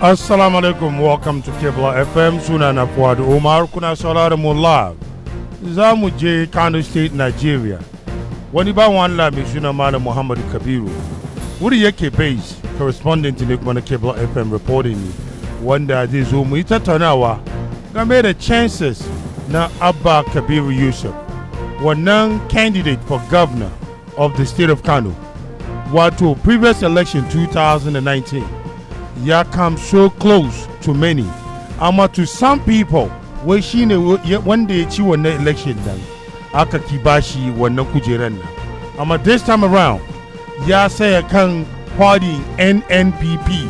Assalamu alaikum welcome to Kebla FM suna na Fuad Umar kuna sauraron mu live za mu je Kano State Nigeria wani wani Allah mai suna Malam Muhammadu Kabiru wuri yake base correspondent ne kuma na Kebla FM reporting ne wanda zai zo mu yi tattaunawa game da chances na Abba Kabiru Yusuf wannan candidate for governor of the state of Kano wato previous election 2019 ya come so close to many amma to some people wai shine wanda ya ci wannan election nan aka ki bashi wannan kujeran nan amma this time around ya saya kan party nnpp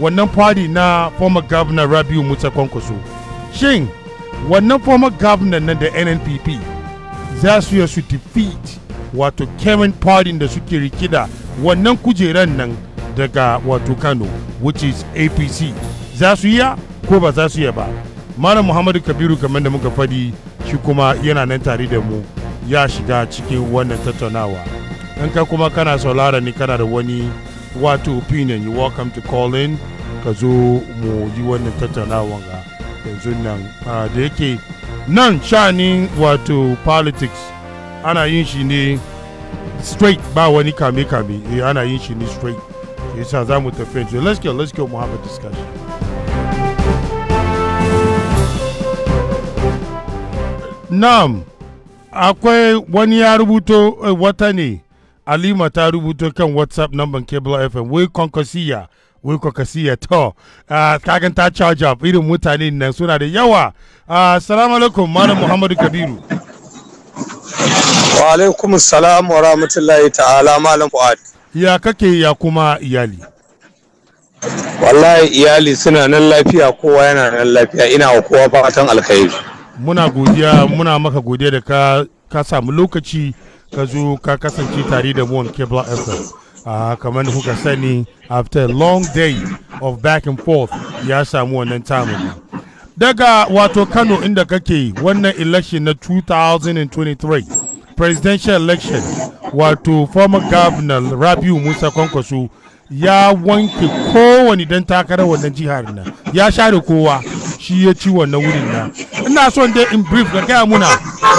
wannan party na former governor rabiu musa kwankwaso shin wannan former governor nan da nnpp za su yi su defeat wato kevin party da suke rikida wannan kujeran nan daga wato kano which is apc za su iya ko ba za su iya ba malam muhammadu kabiru kamar da muka fadi shi kuma yana nan tare da mu ya shiga cikin wannan tattaunawa in ka kuma kana saurara ni kana da wani wato opinion you welcome to call in ka zo mu yi wannan tattaunawa ga yanzu nan da yake nan shanin wato politics ana yin shi ne straight ba wani kame-kame eh, ana yin shi ne straight yasa za mu tafi yanzu let's go let's go mu have a discussion na'am akwai wani ya rubuto eh, wata ne alima ta rubuto kan whatsapp number cable fm wai konkosiya wai konkosiya to ah, kagan ta charge up irin mutane nan suna da yawa ah, assalamu alaikum malam muhammadu kabiru wa alaikum salam wa rahmatullahi ta'ala malam fuad ya kake ya kuma iyali wallahi iyali suna nan lafiya kowa yana nan lafiya ina wa kowa fatan alkhairi muna godiya muna maka godiya da ka ka samu lokaci ka zo ka kasance tare da mu on cable fm uh, ah, kamar kuka sani after a long day of back and forth ya samu wannan tamun daga wato kano inda kake wannan election na 2023 presidential election wato former governor rabiu musa kwankwaso ya wanke kowane dan takarar wannan jihar na ya da kowa shi ya ci wannan wurin na ina son dai in brief ga gaya muna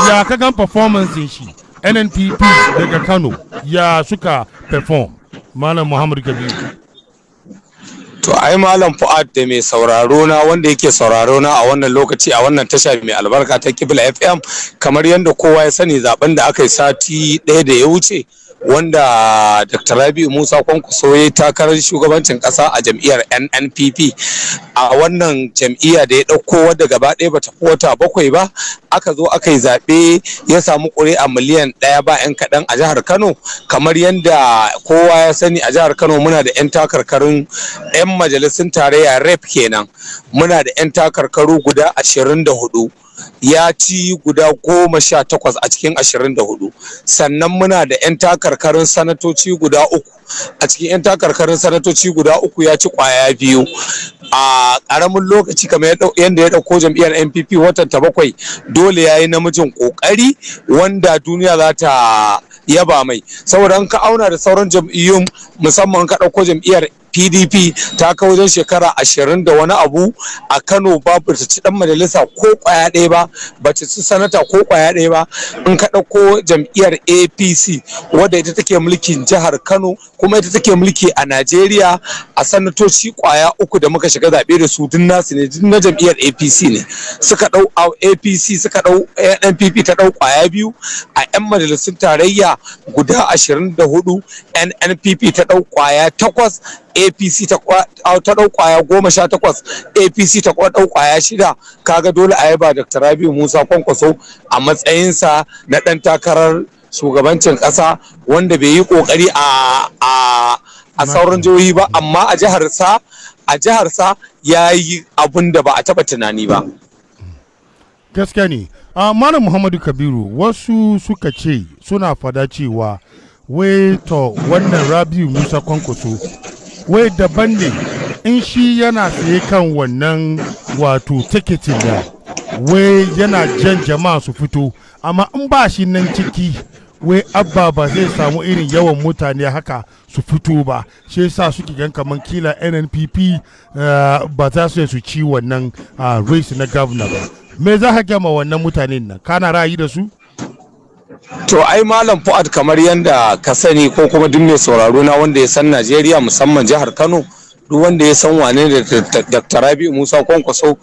ya ka gan performance shi nnpp daga kano ya suka perform malam muhammadu kabiru To ai Malam Fuad da mai sauraro na wanda yake sauraro na a wannan lokaci a wannan tasha mai albarka ta Kibla FM kamar yadda kowa ya sani zaben da aka yi sati ɗaya da ya wuce wanda dr rabiu musa kwankwaso ya takarar shugabancin kasa a jam'iyyar nnpp a wannan jam'iyya da ya dauko wadda gaba ɗaya bata fi wata bakwai ba aka zo aka yi zaɓe ya samu ƙuri'a miliyan ɗaya ba 'yan kaɗan a jihar kano kamar yadda kowa ya sani a jihar kano muna da 'yan takarkarun 'yan majalisun tarayya rep kenan muna da 'yan takarkaru guda ashirin da hudu ya ci guda goma sha takwas a cikin ashirin da hudu sannan muna da 'yan takarkarin sanatoci guda uku a cikin 'yan takarkarin sanatoci guda uku ya ci kwaya biyu a karamin lokaci kamar yadda ya ɗauko jam'iyyar npp watan ta bakwai dole ya yi namijin ƙoƙari wanda duniya za ta yaba mai saboda ka auna da sauran jam'iyyun musamman ka ɗauko jam'iyyar pdp ta kawo wajen shekara ashirin da wani abu a kano ba ta ci dan majalisa ko kwaya ɗaya ba ba ta ci sanata ko kwaya ɗaya ba in ka ɗauko jam'iyyar apc wadda ita take mulkin jihar kano kuma ita take mulki a najeriya a sanatoci kwaya uku da muka shiga zaɓe da su duk nasu ne duk na jam'iyyar apc ne suka ɗau apc suka ɗau eh, npp ta ɗau kwaya biyu a 'yan majalisun tarayya guda ashirin da hudu nnpp ta ɗau kwaya takwas apc ta ɗau kwaya goma sha takwas apc ta ɗau kwaya shida kaga dole a yaba dr rabiu musa kwankwaso a matsayinsa na ɗan takarar shugabancin ƙasa wanda bai yi ƙoƙari a sauran jihohi ba amma a jiharsa a jiharsa ya yi abin da ba a taɓa tunani ba gaskiya ne malam muhammadu kabiru wasu suka ce suna fada cewa wai to wannan rabiu musa kwankwaso wai daban ne in shi yana saye kan wannan wato tikitin da wai yana jan jama'a su fito amma in ba shi nan ciki wai abba ba zai samu irin yawan mutane haka su fito ba shi yasa suke gan kamar kila nnpp eh, ba za su su ci wannan ah, race na governor ba me za ka gama wannan mutanen nan kana ra'ayi da su To ai Malam Fuad kamar yadda ka sani ko kuma duk mai sauraro na wanda ya san Najeriya musamman jihar Kano duk wanda ya san wane da Dr. Rabi Musa Kwankwaso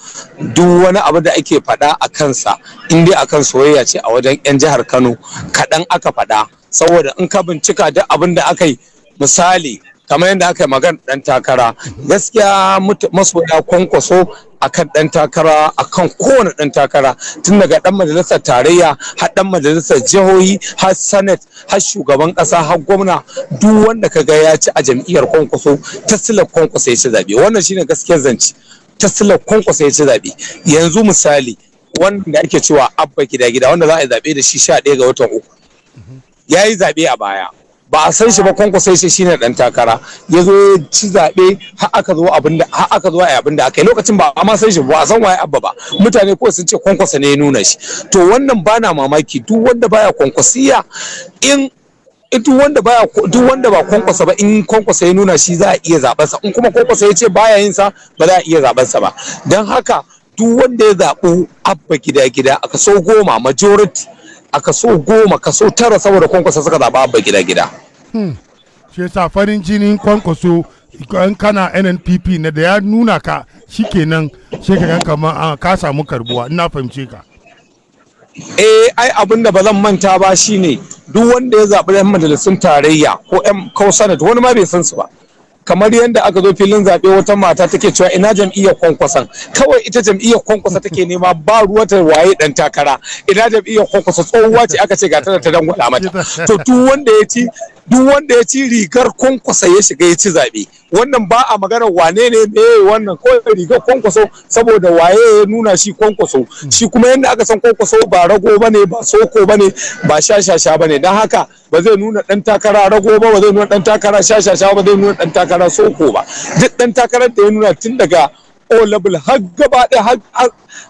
duk wani abu da ake faɗa a kansa in dai akan soyayya ce a wajen 'yan jihar Kano kaɗan aka faɗa saboda in ka bincika duk abin da aka yi misali kamar yadda aka yi magana dan takara gaskiya masoya kwankwaso kan dan takara akan kowane dan takara tun daga dan majalisar tarayya har dan majalisar jihohi har sanat har shugaban kasa har gwamna duk wanda ka gaya ya ci a jam'iyyar kwankwaso ta silar kwankwaso ya ci zabe wannan shine gaskiyar zance ta silar kwankwaso ya ci zabe yanzu misali wannan da ake cewa abba gida gida wanda za a yi zabe da shi 11 ga watan uku ya yi zabe a baya ba a san shi ba kwankwasa shi shine dan takara ya zo ci zaɓe har aka zo abin da har aka zo a abin da aka yi lokacin ba a ma san shi ba a san waye abba ba mutane ko sun ce kwankwasa ne ya nuna shi to wannan bana mamaki duk wanda baya kwankwasiya in duk wanda baya duk wanda ba kwankwasa ba in kwankwasa ya nuna shi za a iya zaben sa in kuma kwankwasa ya ce baya yin sa ba za a iya zaben sa ba dan haka duk wanda ya zabu abba gida gida aka so goma majority a kaso goma kaso tara saboda kwankwasa suka zaba abba gida gida shesa farin jinin kwankwaso in kana nnpp na da ya nuna ka shikenan shekaran kama kamar ah, ka samu karbuwa ina fahimce ka eh ai abin da ba zan manta ba shine duk wanda ya zaɓi 'yan majalisun tarayya ko 'yan ko sanat wani ma bai san su ba kamar yadda aka zo filin zaɓe wata mata take cewa ina jam'iyyar kwankwasan kawai ita jam'iyyar kwankwasa take nema ba ruwata waye dan takara ina jam'iyyar kwankwasa tsohuwa ce aka ce ga ta ta mata to duk wanda ya ci duk wanda ya ci rigar kwankwasa ya shiga ya ci zaɓe wannan ba a magana wane ne me wannan kawai rigar kwankwaso saboda waye ya nuna shi kwankwaso shi kuma yadda aka san kwankwaso ba rago bane ba soko bane ba shashasha bane dan haka ba zai nuna dan takara rago ba ba zai nuna dan takara shashasha ba zai nuna dan takara soko ba duk dan takarar da ya nuna tun daga o level har gaba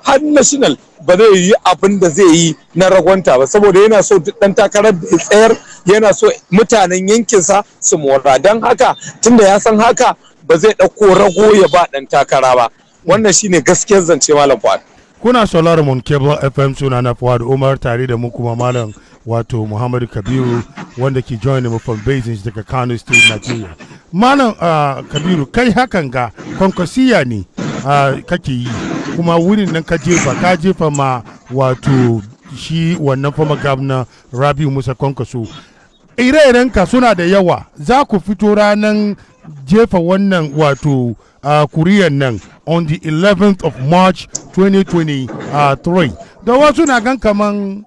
har national ba zai yi abin da zai yi na ragwanta ba saboda yana so duk dan takarar da ya tsayar yana so mutanen yankinsa su mora don haka tunda ya san haka ba zai ɗauko rago ya ba dan takara ba wannan shine gaskiyar zance malam fuad kuna solar mun cable fm suna na fuad umar tare da mu kuma malam wato muhammadu kabiru wanda ke join mu from beijing daga kano state nigeria malam uh, kabiru kai hakan ga kwankwasiya ne uh, kake yi kuma wurin nan ka jefa ka jefa ma wato shi wannan fama gabna rabiu musa kwankwaso ire-irenka suna da yawa za ku fito ranar jefa wannan wato uh, kuriyan nan on the 11th of march 2023 da wasu na gan kaman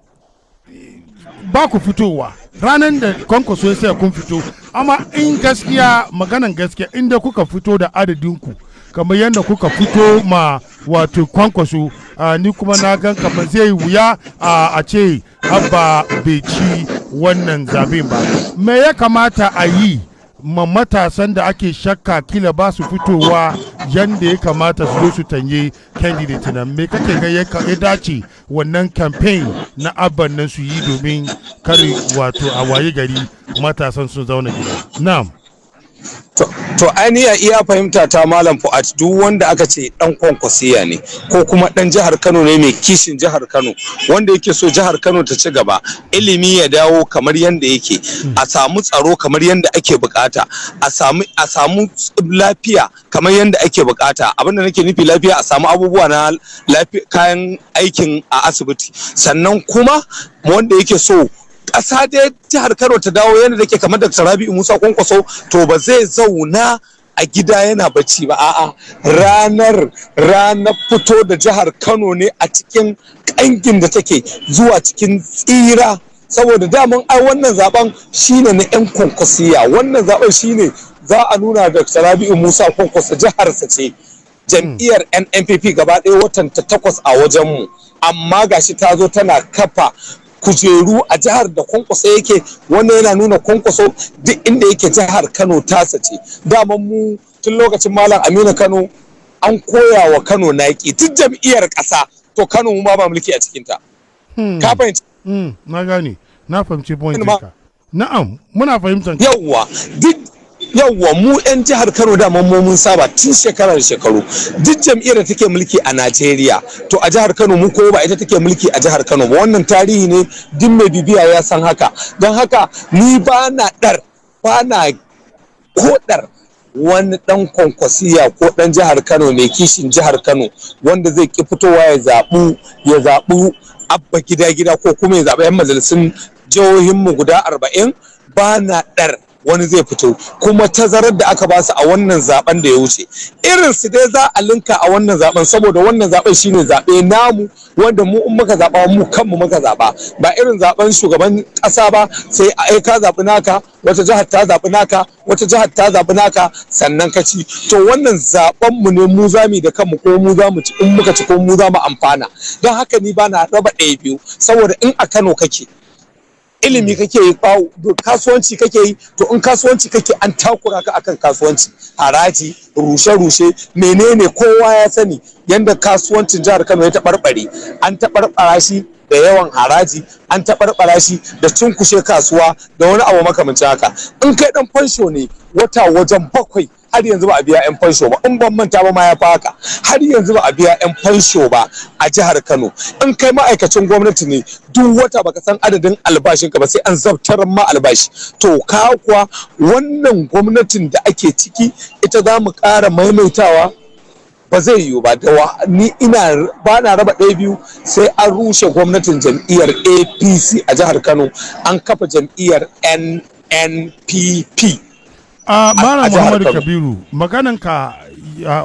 ba ku fitowa ranar da kwankwaso ya sai kun fito amma in gaskiya maganan gaskiya inda kuka fito da adadinku kamar yadda kuka fito ma wato kwankwaso ni kuma na gan kamar zai wuya a ce abba bai ci wannan zabe ba me ya kamata a yi ma matasan da ake shakka kila ba su fitowa yadda ya kamata su zo su tanye candidate nan me kake ga ya dace wannan campaign na abban nan su yi domin kare wato a waye gari matasan sun zauna gida na'am To ainihi a iya fahimta ta Malam Fuad duk wanda aka ce dan kwankwasiya ne ko kuma dan jihar Kano ne mai kishin jihar Kano wanda yake so jihar Kano ta ci gaba ilimi ya dawo kamar yanda yake a samu tsaro kamar yanda ake bukata a samu a samu lafiya kamar yanda ake bukata abinda nake nufi lafiya a samu abubuwa na kayan aikin a asibiti sannan kuma wanda yake so ƙasa dai jihar Kano ta dawo yana da ke kamar da Rabi'u Musa Kwankwaso to ba zai zauna a gida yana bacci ba a'a ranar ranar fito da jihar Kano ne a cikin ƙangin da take zuwa cikin tsira saboda daman ai wannan zaben shine na 'yan kwankwasiya wannan zaben shine za a nuna da Rabi'u Musa Kwankwaso jiharsa ce jam'iyyar NNPP gaba ɗaya watan ta takwas a wajenmu amma gashi ta zo tana kafa kujeru a jihar da kwankwaso yake wannan yana nuna kwankwaso duk inda yake jihar kano ta sace, daman mu tun lokacin malam aminu kano an koya wa kano naki, duk jam'iyyar ƙasa to kano mu ba mulki a cikinta hmm. ka fahimci hmm, na gane na fahimci point na'am muna fahimtar yawwa duk yawwa mu 'yan jihar kano dama mu mun saba tun shekara da shekaru duk jam'iyyar da take mulki a najeriya to a jihar kano mu ko ba ita take mulki a jihar kano ba wannan tarihi ne duk mai bibiya ya san haka don haka ni ba na ɗar ba na kodar wani dan kwankwasiya ko dan jihar kano mai kishin jihar kano wanda zai ki fitowa ya zaɓu ya zabu abba gida gida ko kuma ya zabi yan majalisun jihohinmu guda arba'in ba na ɗar wani zai fito kuma tazarar da aka basu a wannan zaben da ya wuce irin su dai za a linka a wannan zaben saboda wannan zaben shine zabe namu wanda mu in muka zaba mu kanmu muka zaba ba irin zaben shugaban kasa ba sai ai eh, ka zabi naka wata jihar ta zabi naka wata jihar ta zabi naka sannan ka ci to wannan zaben mu ne mu zamu da kanmu ko mu zamu ci in muka ci ko mu zamu amfana don haka ni bana raba ɗaya biyu saboda in a Kano kake ilimi mm. kake yi kasuwanci kake yi to in kasuwanci kake an takura ka akan kasuwanci haraji rushe-rushe menene kowa ya sani yanda kasuwancin jihar kano ya taɓarɓare an taɓarɓara shi da yawan haraji an taɓarɓara shi da cunkushe kasuwa da wani abu makamancin haka in kai ɗan fansho ne wata wajen bakwai har yanzu ba a biya 'yan fansho ba in ban manta ba ma ya haka har yanzu ba a biya 'yan fansho ba a jihar kano in kai ma'aikacin gwamnati ne duk wata baka san adadin albashin ka ba sai an zabtar ma albashi to ka kuwa wannan gwamnatin da ake ciki ita za mu ƙara maimaitawa ba zai yiwu ba da ni ina ba na raba ɗaya biyu sai an rushe gwamnatin jam'iyyar apc a jihar kano an kafa jam'iyyar nnpp a malam muhammadu kabiru magananka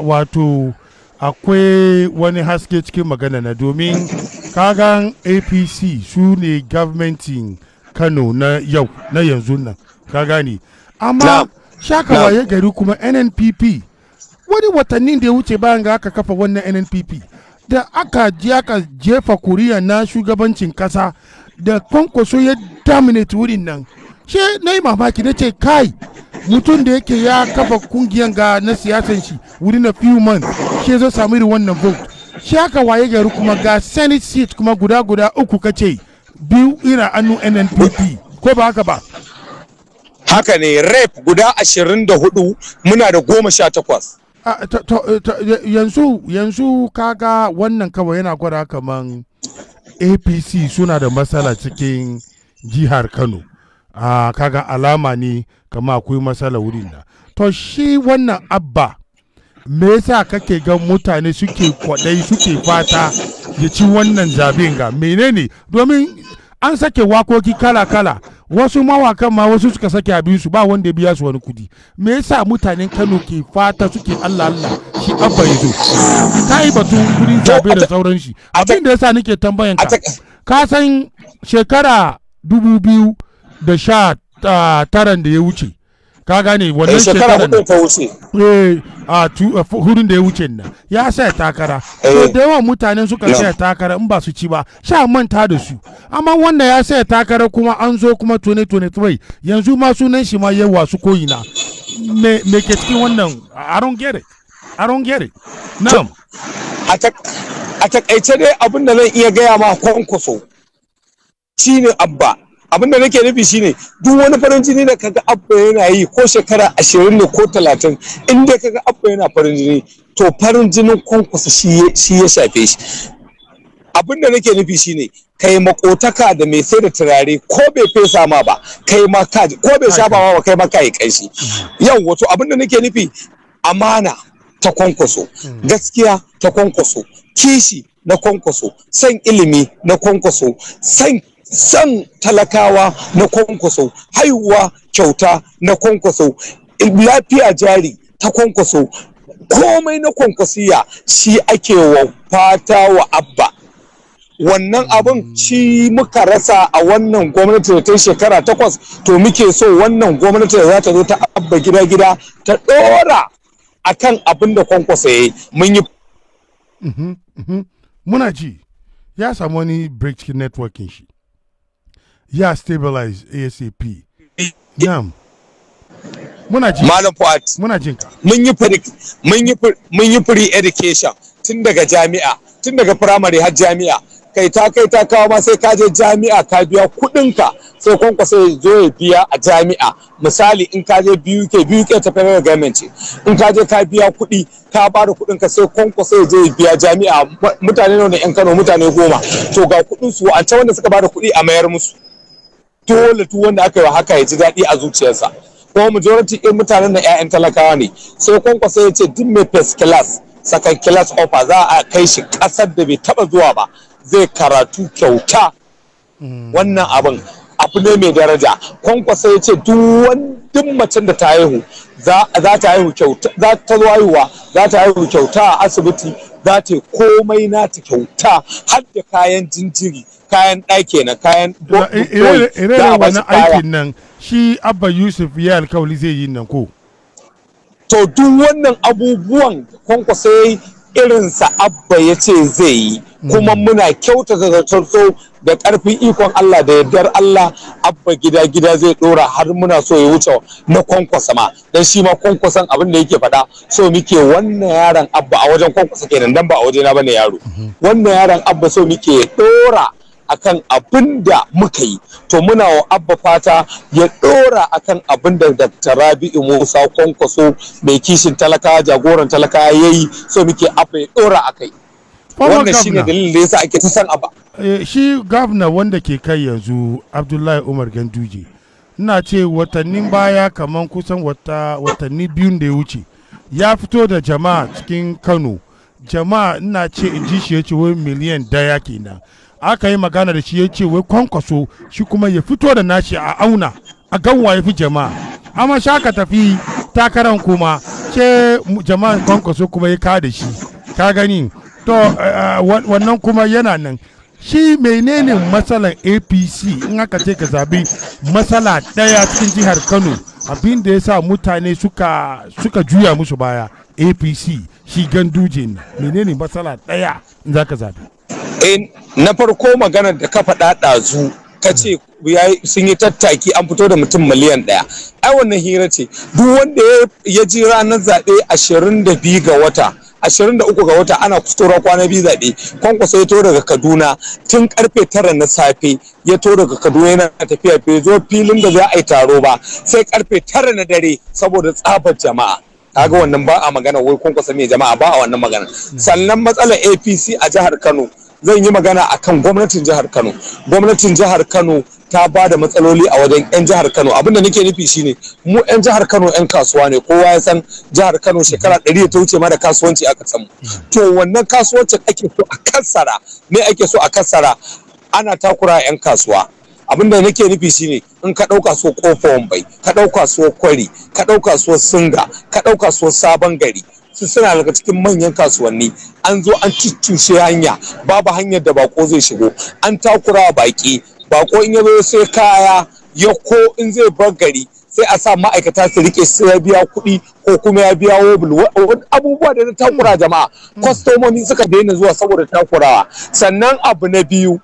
wato akwai wani haske cikin magana na domin kagan apc su ne gavmentin kano na yau na yanzu nan ka gani amma shakawa ya gari kuma nnpp wani watannin da ya wuce bayan ga aka kafa wannan nnpp da aka ji aka jefa kuriya na shugabancin kasa da kwankwaso ya dominate wurin nan shi na yi mamaki na ce kai mutum da yake ya kafa kungiyan ga na siyasan shi within a few months shi zo samu irin wannan vote shi haka waye gari kuma ga senate seat kuma guda guda uku kace biyu ina annu nnpp ko ba haka ba haka ne rep guda ashirin da hudu muna da goma sha takwas yanzu yanzu kaga wannan kawai yana gwada kaman apc suna da matsala cikin jihar kano a ah, kaga alama ne kama akwai matsala wurin nan to shi wannan abba me yasa kake ga mutane suke kwadai suke fata ya ci wannan zaben ga menene domin an sake wakoki kala-kala wasu mawakan ma wasu suka sake abin su ba wanda ya biya su wani kudi me yasa mutanen Kano ke fata suke Allah Allah shi abba yazo kai batun kudin zabe da sauran shi abin da yasa nake tambayan ka ka san shekara dubu biyu da sha taran da ya wuce ka gane wannan eh, shekara da ta wuce eh a hudun da ya wuce nan ya saya takara to eh. da yawan mutanen suka saya takara in ba su ci ba sha manta da su amma wannan ya saya takara kuma an zo kuma 2023 yanzu ma sunan shi ma ya wasu koyina me me ke cikin wannan i don't get it i don't get it na'am a takaice dai abin da zan iya gaya ma kwankwaso shine abba abin da nake nufi shine duk wani farin jini da kaga abba yana yi ko shekara ashirin ne ko talatin in dai kaga abba yana farin jini to farin jinin kwankwasa shi ya shafe shi abin da nake nufi shine kai makotaka da mai sai da turare ko bai fesa ma ba kai ma ka ko bai shafa ma ba kai ma ka yi kanshi yau wato abin da nake nufi amana ta kwankwaso gaskiya ta kwankwaso kishi na kwankwaso san ilimi na kwankwaso san san talakawa na kwankwaso haihuwa kyauta na kwankwaso lafiya jari ta kwankwaso komai na kwankwasiya shi ake wa fata wa abba wannan abin shi muka rasa a wannan gwamnati da ta shekara takwas to muke so wannan gwamnati da za ta zo ta abba gida-gida ta dora a kan abin da kwankwasa ya mun yi mhm, mhm. muna ji ya samu wani break cikin networking shi ya stabilize ASAP. Eh, Na'am. Muna jin Malam Fuad. Muna jin ka. Mun yi free mun yi mun yi free education tun daga jami'a, tun daga primary har jami'a. Kai ta kai ta kawo ma sai ka je jami'a ka biya kuɗin ka sai kwankwa sai zo ya biya a jami'a. Misali in ka je BUK, BUK ta federal government In ka je ka biya kuɗi, ka ba da kuɗin ka sai kwankwa sai zo ya biya jami'a mutane nawa ne 'yan Kano mutane goma. To ga kuɗin su an wanda suka ba da kuɗi a mayar musu. dole tu wanda aka yi wa haka ya ji daɗi a zuciyarsa kuma majority ɗin mutanen na 'ya'yan talakawa ne sai kwankwasa ya ce duk mai first class second class offer za a kai shi ƙasar da bai taɓa zuwa ba zai karatu kyauta hmm. wannan abin abu ne mai daraja kwankwasa ya ce duk wani macen da ta haihu za zo haihuwa za ta haihu kyauta a asibiti za ta komai na ta kyauta har da kayan jinjiri kayan ɗaki na kayan ire aikin nan shi abba yusuf ya alkawali zai yi nan ko to duk wannan abubuwan kwankwasa ya yi irinsa abba ya ce zai yi kuma hmm. muna kyautata zatarto da karfin ikon Allah da yardar Allah abba gida gida zai dora har muna so ya wuce na kwankwasa ma don shi ma kwankwasan abin da yake faɗa so muke wannan yaron abba a wajen kwankwasa kenan dan ba a wajena bane yaro hmm. wannan yaron abba so muke ɗora akan abin da muka yi to muna wa abba fata ya dora akan abin da dr rabi'u musa kwankwaso mai kishin talaka jagoran talaka ya yi so muke abba ya dora a kai wannan shine dalilin da yasa ake son abba eh, shi gavna wanda ke kai yanzu abdullahi umar ganduje ina ce watannin baya kamar kusan watanni biyu da ya wuce ya fito da jama'a cikin kano jama'a ina ce in ji shi ya ce wai miliyan daya kenan aka yi magana da shi ya ce wai kwankwaso shi kuma ya fito da nashi a auna a ganwa ya fi jama'a amma shaka tafi takaran kuma ce jama'a kwankwaso kuma ya kada shi ka gani to eh, eh, wannan kuma yana nan shi menene matsalan apc in aka ce ka zabi matsala ɗaya cikin jihar kano abin da ya sa mutane suka, suka juya musu baya apc shi ganduje menene matsala ɗaya in za ka zabi E, na farko magana da ka faɗa ɗazu ka ce sun yi tattaki an fito da mutum miliyan ɗaya ai wannan hira ce duk wanda ya ji ranar zaɓe ashirin da ga wata ashirin ga wata ana kusurwa kwana biyu zaɓe kwankwaso ya to daga kaduna tun karfe tara na safe ya to daga kaduna yana tafiya bai zo filin da za a yi taro ba sai karfe tara na dare saboda tsabar jama'a kaga wannan ba a magana wai kwankwasa mai jama'a ba a wannan magana sannan matsalar apc a jihar kano zan yi magana akan gwamnatin jihar Kano gwamnatin jihar Kano ta ba da matsaloli a wajen 'yan jihar Kano abinda nake nufi shine mu 'yan jihar Kano 'yan kasuwa ne kowa ya san jihar Kano shekara ɗari ya ta wuce ma da kasuwanci aka samu to wannan kasuwancin ake so a kassara me ake so a kassara ana takura 'yan kasuwa Abin abinda nake nufi shine in ka ɗauka so kofa wambai ka ɗauka so kwari ka ɗauka so singa ka ɗauka so sabon gari su suna daga cikin manyan kasuwanni an zo an cucushe hanya babu hanyar da bako zai shigo an takura baki bako in ya zo sai kaya ya ko in zai bar gari sai a sa ma'aikata su rike sai ya biya kuɗi ko kuma ya biya wobul abubuwa da ta takura hmm. jama'a hmm. kwastomomi suka daina zuwa saboda takurawa sannan abu na biyu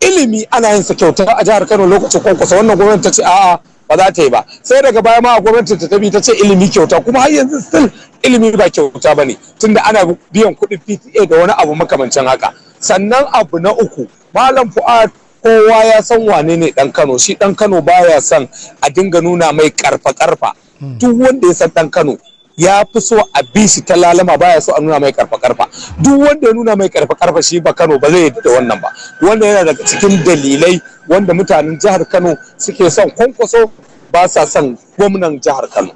ilimi ana yin sa kyauta a jihar kano lokacin kwankwasa wannan gwamnati ta ce a'a ba za ta yi ba sai daga baya ma gwamnati ta tabi ta ce ilimi kyauta kuma har yanzu still ilimi ba kyauta ba ne tunda ana biyan kuɗin PTA da wani abu makamancin haka sannan abu na uku malam fu'ad kowa ya san wane ne dan Kano shi dan Kano baya son a dinga nuna mai karfa karfa hmm. duk wanda ya san dan Kano ya fi so a bi shi ta lalama baya so a nuna mai karfa karfa duk wanda ya nuna mai karfa karfa shi ba Kano ba zai yi da wannan ba wanda yana daga cikin dalilai wanda mutanen jihar Kano suke son kwankwaso ba sa son gwamnan jihar Kano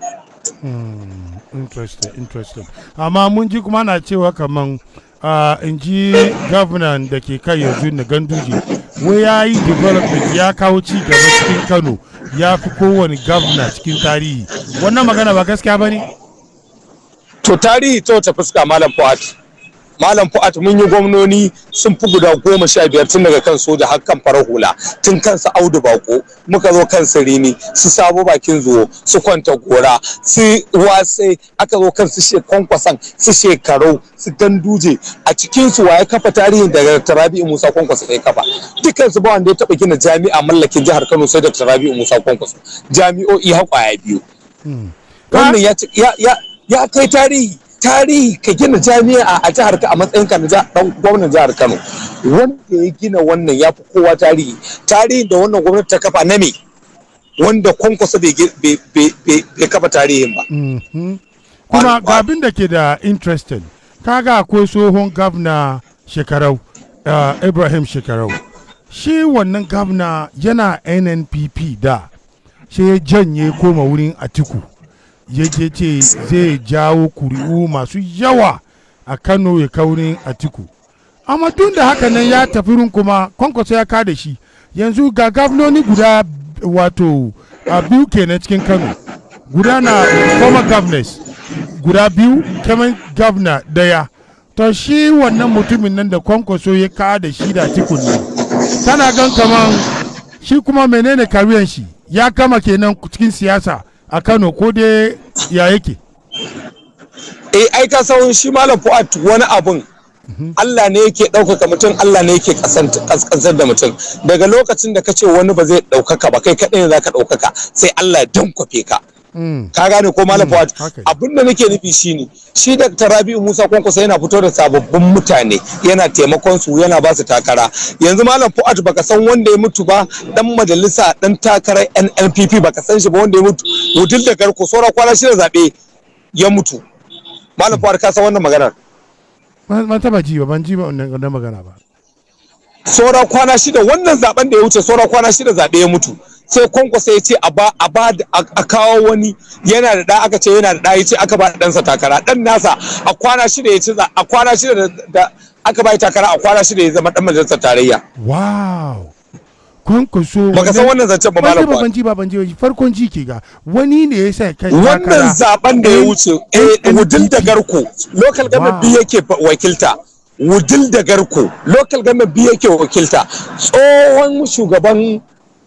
hmm, interesting interesting amma mun ji kuma na cewa kaman in ji gwamnan da ke kai yanzu na ganduje wai ya yi development ya kawo ci gaba cikin kano ya fi kowane gwamna cikin tarihi wannan magana ba gaskiya ba ne to tarihi ta wace fuska malam fuad malam fuad mun yi gwamnoni sun fi guda goma sha biyar tun daga kan soja har kan farar hula tun kansa audu bako muka zo kan rini su sabo bakin zuwo su kwanta gora su wasai aka zo kan su kwankwasan su Shekarau, su ganduje a cikin su waye kafa tarihin daga tarabi'u musa kwankwasa ya kafa dukkan su ba wanda ya taba gina jami'a mallakin jihar kano sai da tarabi'u musa kwankwasa jami'o'i har ya biyu hmm. wannan ya ya kai tarihi tarihi ka gina jami'a a jihar ka a matsayin ka na gwamnan jihar Kano wanda ya gina wannan ya fi kowa tarihi tarihin da wannan gwamnati ta kafa na me wanda kwankwasa bai kafa tarihin ba mhm. kuma ga abin da ke da interesting kaga akwai tsohon gwamna shekarau uh, Ibrahim shekarau shi wannan gwamna yana NNPP da shi ya janye koma wurin Atiku yake ce zai jawo kuri'u masu yawa a kano ya kaurin atiku amma tun da haka nan ya tafi rin kuma kwankwaso ya kada shi yanzu ga gabnoni guda wato a biyu kenan cikin kano guda na former governors guda biyu kaman governor daya to shi wannan mutumin nan da kwankwaso ya kada shi da tikun nan tana gan kaman shi kuma menene kariyan shi ya kama kenan cikin siyasa a kano ko dai ya yake eh ai ka san shi malam fuad wani abun Allah ne yake ɗaukaka mutum Allah ne yake ƙasƙantar da mutum daga lokacin da ka ce wani ba zai ɗaukaka ba kai kaɗai za ka ɗaukaka sai Allah ya dankwafe ka ka gane ko malam mm, fawad abin da nake nufi shine shi dr rabi'u musa kwankwasa yana fito da sababbin mutane yana taimakon su yana ba su takara yanzu malam fawad baka san wanda ya mutu ba dan majalisa dan takarar nnpp baka san shi ba wanda ya mutu wudil da garko sora kwana shida zabe ya mutu malam fawad ka san wannan maganar ban taba ji ba ban ji ba wannan magana ba sora kwana shida wannan zaben da ya wuce sora kwana shida zabe ya mutu sai kwankwasa ya ce a kawo wani yana da ɗa aka ce yana da ɗa ya ce aka ba ɗansa takara ɗan nasa a kwana shida ya ci a kwana shida da aka bai takara a kwana shida ya zama ɗan majalisar tarayya. wow kwankwaso baka san wannan zancen ba malam ba banji ba banji farkon ji ke ga wani ne ya sa kai wannan zaben da ya eh, wuce eh, eh wudin da garko local government bi yake wakilta wudil da garko local government bi yake wakilta tsohon shugaban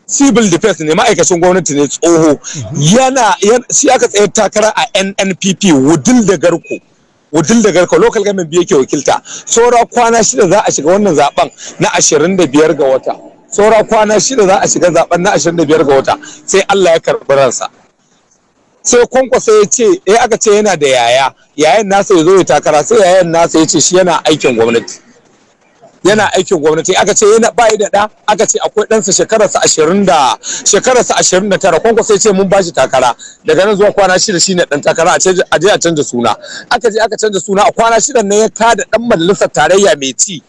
civil defense ne ma'aikacin gwamnati ne tsoho yana shi aka tsaye takara a nnpp wudil da garko wudil da garko local government biyu yake wakilta saura kwana shida za a shiga wannan zaben na 25 ga wata saura kwana shida za a shiga zaben na 25 ga wata sai Allah ya karbi ransa sai kwankwasa ya ce eh aka ce yana da yaya yayan nasa ya zo ya takara sai yayan nasa ya ce shi yana aikin gwamnati yana aikin gwamnati aka ce yana bai da da aka ce akwai ɗansa shekararsa ashirin da shekararsa ashirin da tara kwankwaso ya ce mun bashi takara daga nan zuwa kwana shida shine ɗan takara a je a canza suna aka je aka canza suna a kwana shida ne ya kada ɗan majalisar tarayya mai ci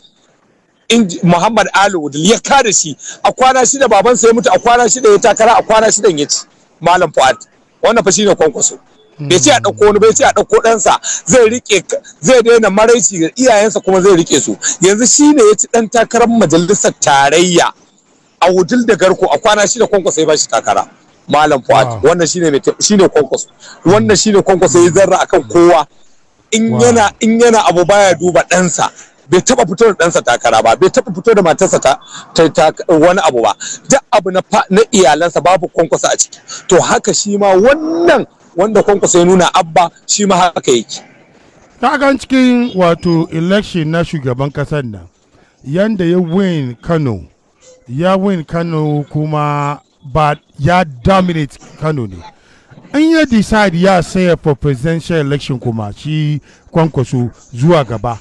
Muhammad Ali Wudul ya kada shi a kwana shida babansa ya mutu a kwana shida ya takara a kwana shida ya ci Malam Fuad wannan fa shine kwankwaso bai ce a ɗauko wani bai ce a ɗauko ɗansa zai rike zai daina maraici ga iyayensa kuma zai rike su yanzu shi ne ya ci ɗan takarar majalisar tarayya a wudil da garko a kwana shi da kwankwaso ya bashi takara malam fuad wannan shine mai shine kwankwaso wannan shine kwankwaso ya zarra akan kowa in yana in yana abu baya duba ɗansa bai taba fito da ɗansa takara ba bai taba fito da matarsa ta, wani abu ba duk abu na, na iyalansa babu kwankwasa a ciki to haka shi ma wannan wanda kwankwa sai nuna abba shi ma haka yake ta gan cikin wato election na shugaban kasar nan yanda ya win kano ya win kano kuma ba ya dominate kano ne in ya decide ya saya for presidential election kuma shi kwankwaso zuwa gaba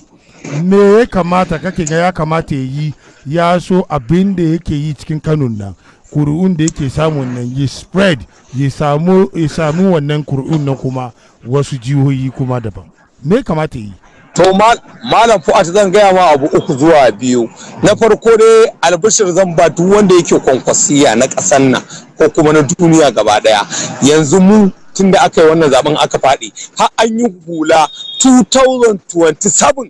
me ya kamata kake ga ya kamata ya yi ya so abin da yake yi cikin kano nan kuri'un da yake samun nan ya spread ya samu samu wannan kuri'un na kuma wasu jihohi kuma daban me kamata yi to malam fu'at zan gaya ma abu uku zuwa biyu na farko dai albishir zan ba duk wanda yake kwankwasiya na ƙasan nan ko kuma na duniya gaba daya yanzu mu tunda da aka yi wannan zaben aka faɗi har an yi hula 2027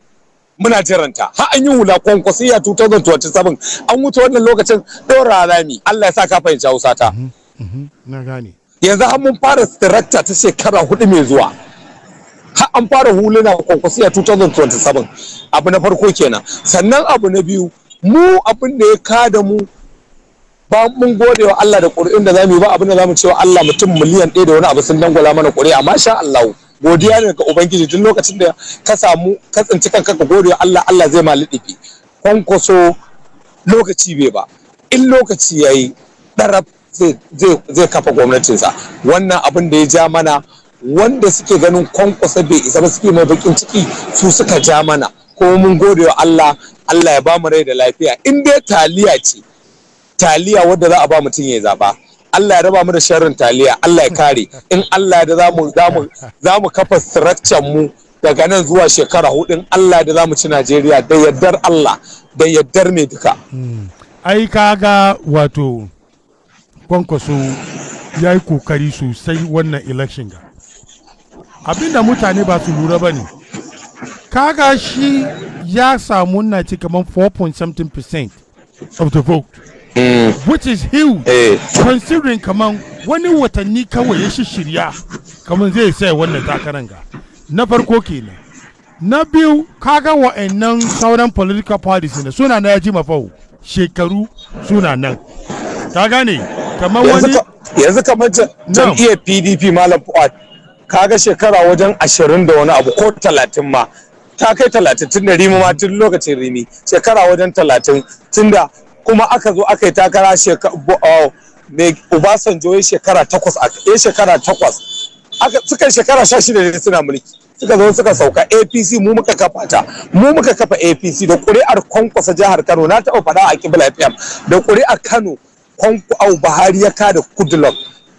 muna jiranta har an yi hula kwankwasiya 2027 an wuce wannan lokacin ɗora rami Allah ya sa ka fahimci Hausa ta mhm, mhm. na gane yanzu har mun fara director ta shekara hudu mai zuwa har an fara huluna kwankwasiya 2027 abu na farko kenan sannan abu na biyu mu abin da ya kada mu ba mun gode wa Allah da ƙuri'un da zamu yi ba abin da zamu cewa Allah mutum miliyan ɗaya da wani abu sun dangwala mana ƙuri'a masha Allah godiya ne ga ubangiji duk lokacin da ka samu ka tsinci kanka ka gode wa Allah Allah zai ma liɗifi kwankwaso lokaci bai ba in lokaci yayi ɗaraf zai kafa gwamnatinsa wannan abin da ya ja mana wanda suke ganin kwankwasa bai isa ba suke mai bakin ciki su suka ja mana kuma mun gode wa Allah Allah ya ba mu rai da lafiya in dai taliya ce taliya wadda za a ba mutum ya zaba Allah ya raba mu da sharrin taliya Allah ya kare in Allah da za mu kafa structure mu daga nan zuwa shekara hudun Allah da za mu ci Najeriya da yaddar Allah da yaddar ne duka hmm. ai kaga wato kwankwaso ya yi kokari sosai wannan election ga abinda mutane ba su lura ba ne kaga shi ya samu na ci kamar 4.17% of the vote Mm. which is huge eh. considering kaman wani watanni kawai ya shirya kaman zai sai wannan takarar ga na farko kenan na biyu kaga wa'annan sauran political parties ne suna na yaji mafau shekaru suna nan ka gane kaman wani yanzu kamar jam'iyyar pdp malam fuad kaga shekara wajen ashirin da wani abu ko talatin ma ta kai talatin tun da rimi ma tun lokacin rimi shekara wajen talatin tun da kuma aka zo aka yi takara oh, mai Obasanjo ya shekara takwas ya shekara takwas suka shekara sha shida ne suna mulki suka zo suka sauka apc mu muka kafa ta mu muka kafa apc da ƙuri'ar kwankwasa jihar kano na taɓa faɗa a kibla fm da ƙuri'ar kano kwankwa buhari ya kada kudulon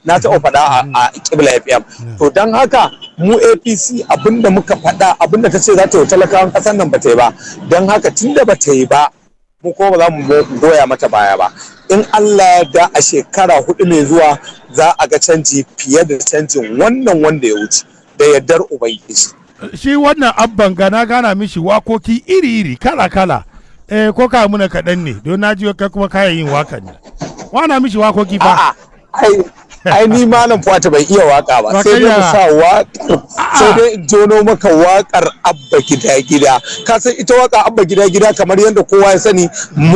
na taɓa faɗa a kibla fm to don haka mu apc abinda muka faɗa abinda ta ce za ta yi talakawan ƙasar nan ba ta yi ba don haka tun da ba ta yi ba mu ko ba za mu goya mata baya ba in Allah ya da a shekara hudu mai zuwa za a ga canji fiye da canjin wannan wanda ya wuce da yardar ubangiji shi wannan abban gana gana mishi wakoki iri-iri kala-kala eh ko ka muna kaɗan ne don na ji kai kuma kayan yin waka ne wana mishi wakoki ba a'a ai ni malam fuata bai iya waka ba sai dai sa waka sai dai in maka wakar abba gida gida ka san ita waka abba gida gida kamar yadda kowa ya sani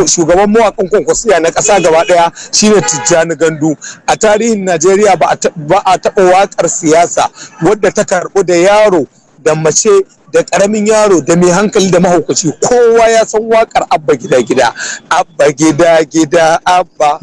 shugaban mawakan kwankwasiya na kasa gaba daya shine Tijjani Gandu a tarihin Najeriya ba a taɓa wakar siyasa wadda ta karɓu da yaro da mace da karamin yaro da mai hankali da mahaukaci kowa ya san wakar abba gida gida abba gida gida abba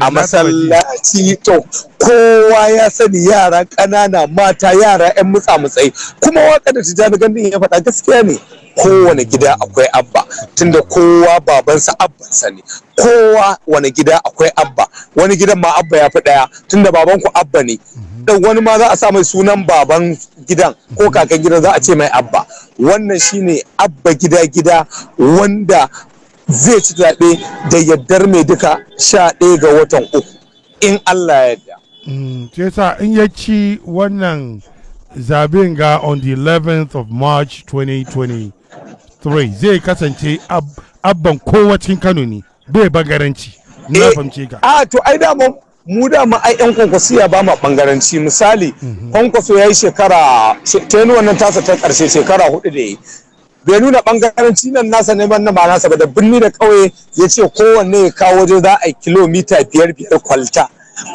a masallaci to kowa ya sani yara ƙanana mata yara 'yan mutsa mutsai kuma wakar da tijjani gandun ya faɗa gaskiya ne kowane gida akwai abba tunda kowa babansa abbansa ne kowa wani gida akwai abba wani gidan ma abba ya fi ɗaya tunda babanku abba ne dan wani ma za a sa mai sunan baban gidan ko kakan gidan za a ce mai abba wannan shine abba gida gida wanda zai ci zaɓe da yardar mai duka sha ɗaya ga watan uku in Allah ya yarda. Ce mm, sa in ya ci wannan zaben ga on the 11th of March 2023 zai kasance abban kowacin Kano ne bai bagaranci. Na eh, fahimce ka. A to ai da mu da ma ai yan ya ba mu bangaranci misali mhm. kwankwaso ya yi shekara kenuwan wannan tasa ta karshe shekara hudu da yi bai nuna bangaranci nan nasa neman na ba nasa ba da birni da kauye ya ce kowanne ya kawo waje za a yi kilomita biyar biyar kwalta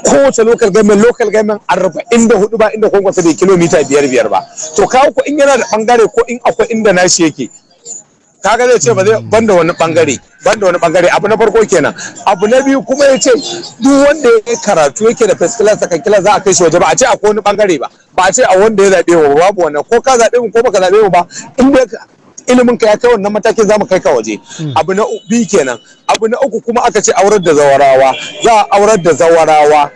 kowace local government local government arba'in da hudu ba inda kwankwaso bai kilomita biyar biyar ba to kawo ko in yana da bangare ko in akwai inda nashi yake kaga zai ce ba zai banda wani bangare banda wani bangare abu na farko kenan abu na biyu kuma ya ce duk wanda ya karatu yake da first class second class za a kai shi waje ba a ce akwai wani bangare ba ba a ce a wanda ya zabe ba babu wannan ko ka zabe mu ko baka zabe mu ba in dai ilimin ka ya kai wannan matakin zamu kai ka waje hmm. abu na biyu kenan abu na uku kuma aka ce aurar da zawarawa za a aurar da zawarawa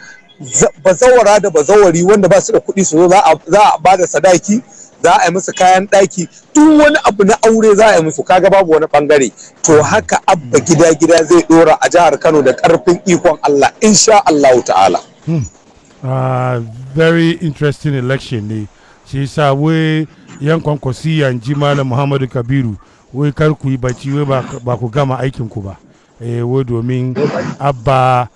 Ba zawara da bazawari wanda ba su da kuɗi su zo za a ba da sadaki za a yi musu kayan ɗaki duk wani abu na aure za a yi musu kaga babu wani bangare to haka abba gida gida zai dora a jihar kano da karfin ikon allah insha allah ta'ala hmm. ah, very interesting election ne shi sa we yan kwankwasi yanji malam muhammadu kabiru wai kar ku yi bacci we ba ku gama aikin ku ba eh domin abba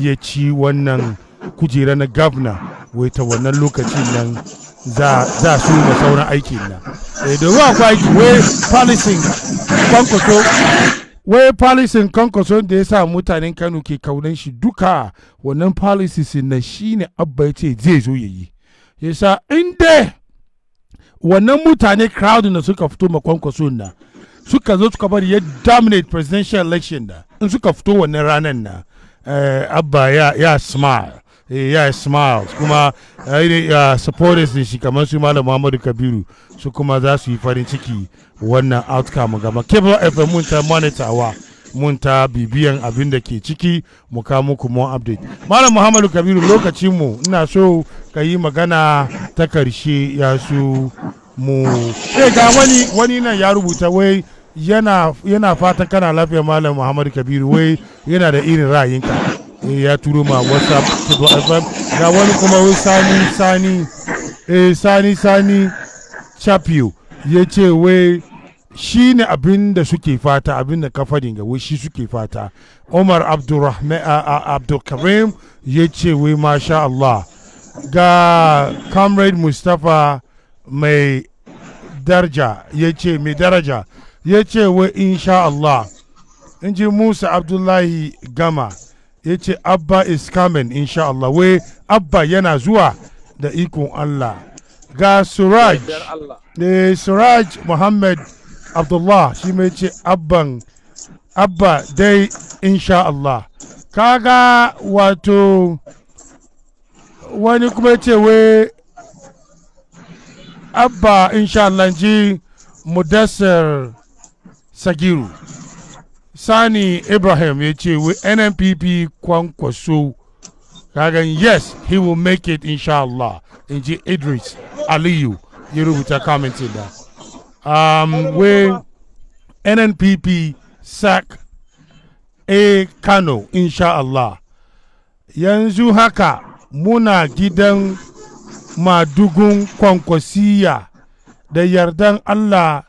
ya ci wannan kujera na gavna we ta wannan lokacin nan za su da sauran aikin nan eh, domin akwai aiki wai palisin kankoso wai palisin kankoso da ya sa mutanen kano ke kaunan shi duka wannan policies na shi ne abba ya ce zai zo ya yi ya sa inda wannan mutane crowd na suka fito ma kankoso na suka zo suka bari ya dominate presidential election da in suka fito wannan ranar na eh, abba ya smile Eh, ya smiles kuma eh, eh, supporters din shi kamar su malam muhammadu kabiru su kuma za su yi farin ciki wannan outcome gama cable fm mun ta monitorwa mun ta bibiyan abin da ke ciki mu kawo muku more update malam muhammadu kabiru lokacin mu ina so ka yi magana ta karshe ya su mu eh ga wani wani nan ya rubuta wai yana yana fatan kana lafiya malam muhammadu kabiru wai yana da irin ra'ayinka Eh, ya turo ma whatsapp ga wani kuma wani sani sani eh sani sani chapio ya ce wai shi ne abin da suke fata abin da kafarin ga wai shi suke fata umar abdulkarim ya ce wai masha Allah ga comrade mustapha mai daraja ya ce mai daraja ya ce wai insha Allah in ji musa abdullahi gama ya ce abba is coming insha Allah wai abba yana zuwa da ikon Allah ga suraj da suraj muhammad abdullah shi mai ce abban abba dai insha Allah kaga wato wani kuma ce wai abba insha Allah ji mudassar sagiru sani ibrahim ya ce with nnpp kwankwaso kagan yes he will make it inshallah in ji idris aliyu ya rubuta commenting da um, we nnpp sac a kano inshallah yanzu haka muna gidan madugun kwankwasiya da yardan allah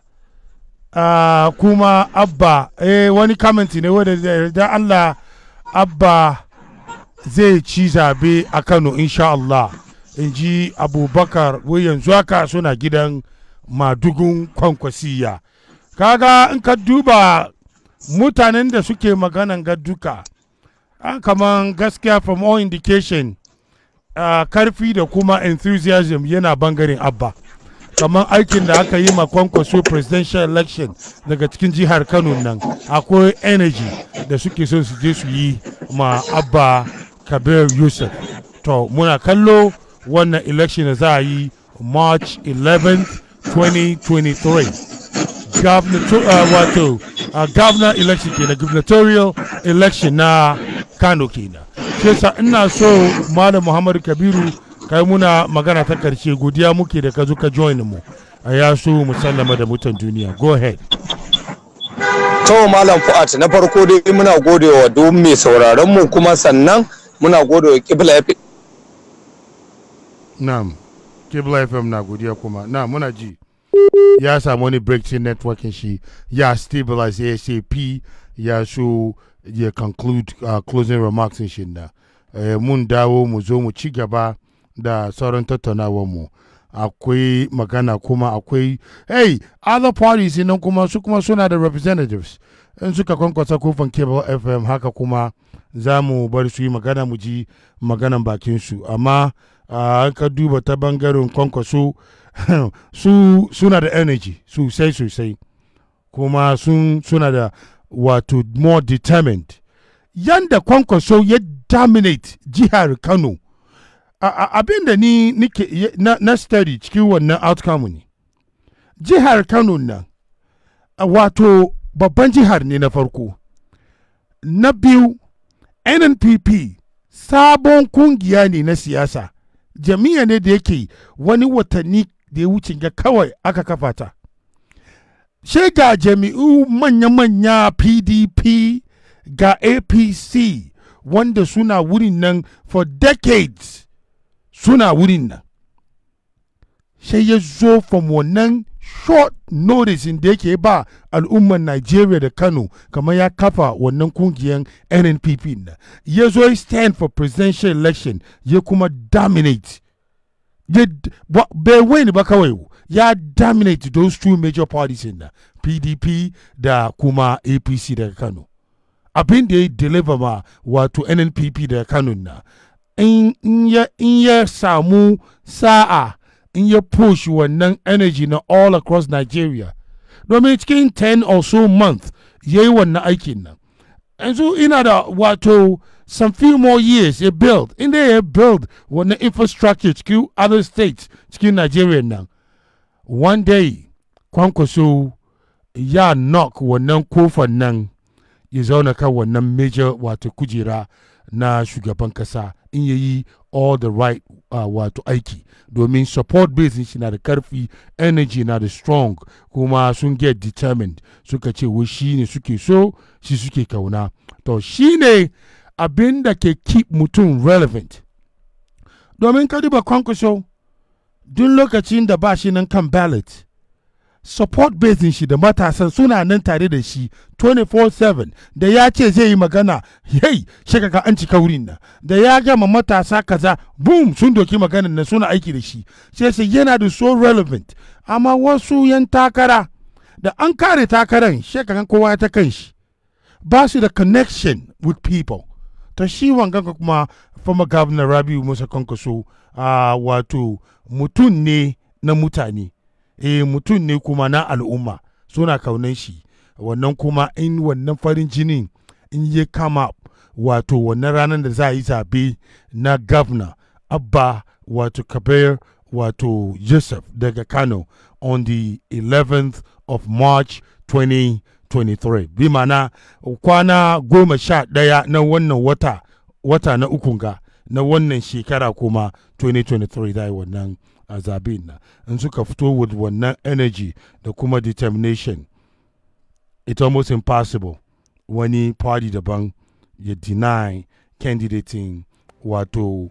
Ah, kuma abba eh wani comment ne wadda da Allah abba zai ci zabe a Kano insha Allah in ji abubakar wai yanzu haka suna gidan madugun kwankwasiya kaga in ka duba mutanen da suke maganan ga duka an kaman gaskiya from all indication ah, karfi da kuma enthusiasm yana bangaren abba kamar aikin da aka yi ma kwankwaso presidential election daga cikin jihar kano nan akwai energy da suke son su je su yi ma abba kabir yusuf to muna kallo wannan election da za a yi march 11 2023 governor wato uh, governor election kenan gubernatorial election na kano kenan shi ina so malam muhammadu kabiru kai muna magana ta karshe godiya muke da ka zo ka join mu a yaso musallama da mutan duniya go ahead to malam fu'at na farko dai muna gode wa duk mai sauraron mu kuma sannan muna gode wa kibla fm na'am kibla fm na godiya kuma na muna ji ya samu wani breakthrough networking shi ya stabilize asap ya so ya conclude uh, closing remarks shi na eh, mun dawo mu zo mu ci gaba da sauran tattaunawarmu akwai magana kuma akwai hey other parties nan kuma su kuma suna da representatives in suka kwankwasa kofan cable fm haka kuma za mu bar su yi magana mu ji maganan su amma an ka duba ta bangaren kwankwaso su suna da energy sosai sosai kuma sun suna da wato more determined yanda kwankwaso ya dominate jihar kano abin da ni nike na, na study cikin wannan outcome ne jihar kano nan wato babban jihar ne na farko na biyu nnpp sabon kungiya ne na siyasa jami'a ne da yake wani watanni da ya wuce ga kawai aka kafa ta she jami'u manya-manya pdp ga apc wanda suna wurin nan for decades suna wurin nan sai ya zo from wannan short notice da yake ba al'ummar Nigeria da Kano kamar ya kafa wannan kungiyar NNPP na ya zo ya stand for presidential election ya kuma dominate bai win ba kawai ya dominate those two major parties in na PDP da kuma APC daga Kano abin da ya deliver ma wato NNPP daga Kano na in ya samu sa'a in ya push wannan energy na all across nigeria domin cikin 10 or so month ya yi wannan aikin nan yanzu ina da wato some few more years ya build inda ya build wannan infrastructure cikin other states cikin nigeria nan one day kwankwaso ya knock wannan kofar nan ya zauna kan wannan major wato kujera na shugaban kasa in ya yi all the right uh, wato aiki domin support base shi na da karfi energy na da strong kuma sun get determined suka ce wai shi ne suke so shi suke kauna to shi ne abin da ke keep mutum relevant domin ka duba kwankwaso duk lokacin da ba shi nan kan ballot support basin shi da matasan suna nan tare da shi 24/7 da ya ce zai yi magana yai shaka an cika wurin nan da ya gama matasa kaza boom sun doki maganan na suna aiki da shi sai sai yana da so relevant amma wasu yan takara da an kare takaran shaka kowa ya ta kan shi ba su da connection with people ta shi wangan kuma former governor rabiu musa kankaso uh, ah, wato mutum ne na mutane 'e mutum ne kuma na al'umma suna kaunan shi wannan kuma in wannan farin jini in ya kama wato wannan ranar da za a yi zabe na gavna abba wato kabir wato joseph daga kano on the 11th of march 2023 bi mana kwana goma sha daya na wannan wata wata na ukunga na wannan shekara kuma 2023 da wannan a zaben na in suka fito with wannan energy da kuma determination it's almost impossible wani party daban ya deny candidating wato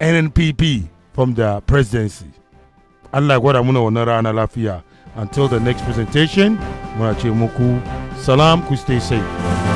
nnpp from the presidency allah gwada muna wannan rana lafiya until the next presentation muna ce muku salam ku stay safe